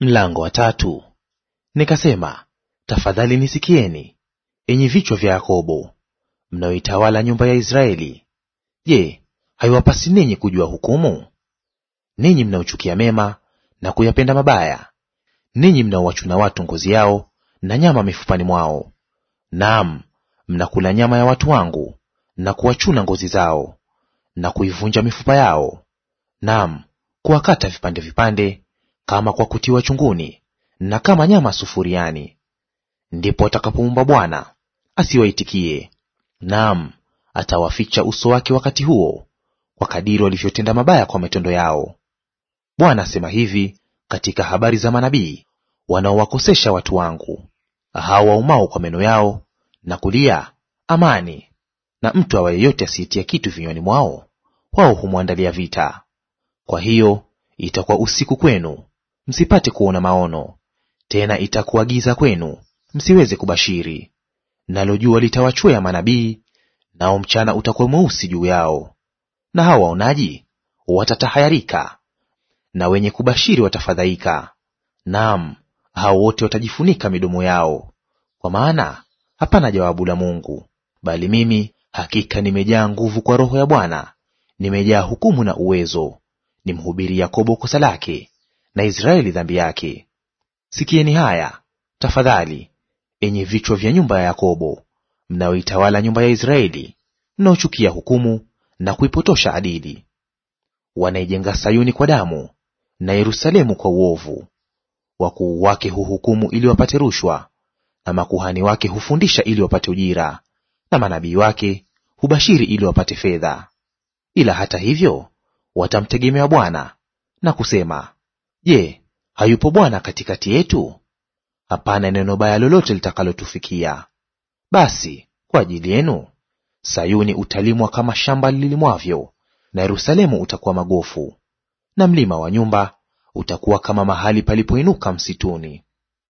Mlango wa tatu. Nikasema, tafadhali nisikieni, enyi vichwa vya Yakobo, mnaoitawala nyumba ya Israeli. Je, haiwapasi ninyi kujua hukumu? Ninyi mnaochukia mema na kuyapenda mabaya, ninyi mnaowachuna watu ngozi yao na nyama mifupani mwao, naam, mnakula nyama ya watu wangu na kuwachuna ngozi zao na kuivunja mifupa yao, naam, kuwakata vipande vipande kama kwa kutiwa chunguni na kama nyama sufuriani. Ndipo atakapoumba Bwana, asiwaitikie; naam, atawaficha uso wake wakati huo, kwa kadiri walivyotenda mabaya kwa matendo yao. Bwana asema hivi katika habari za manabii wanaowakosesha watu wangu, hao waumao kwa meno yao na kulia amani, na mtu awa yeyote asiyetia kitu vinywani mwao, wao humwandalia vita. Kwa hiyo itakuwa usiku kwenu msipate kuona maono; tena itakuwa giza kwenu, msiweze kubashiri. Nalo jua litawachwea manabii, nao mchana utakuwa mweusi juu yao. Na hao waonaji watatahayarika, na wenye kubashiri watafadhaika. Naam, hao wote watajifunika midomo yao, kwa maana hapana jawabu la Mungu. Bali mimi hakika nimejaa nguvu kwa Roho ya Bwana, nimejaa hukumu na uwezo. Nimhubiri Yakobo kosa lake, na Israeli dhambi yake. Sikieni haya tafadhali, enye vichwa vya nyumba ya Yakobo, mnaoitawala nyumba ya Israeli, mnaochukia hukumu na kuipotosha adili, wanaijenga Sayuni kwa damu na Yerusalemu kwa uovu. Wakuu wake huhukumu ili wapate rushwa, na makuhani wake hufundisha ili wapate ujira, na manabii wake hubashiri ili wapate fedha. Ila hata hivyo watamtegemea Bwana na kusema, Je, hayupo Bwana katikati yetu? Hapana neno baya lolote litakalotufikia. Basi kwa ajili yenu Sayuni utalimwa kama shamba lilimwavyo, na Yerusalemu utakuwa magofu, na mlima wa nyumba utakuwa kama mahali palipoinuka msituni.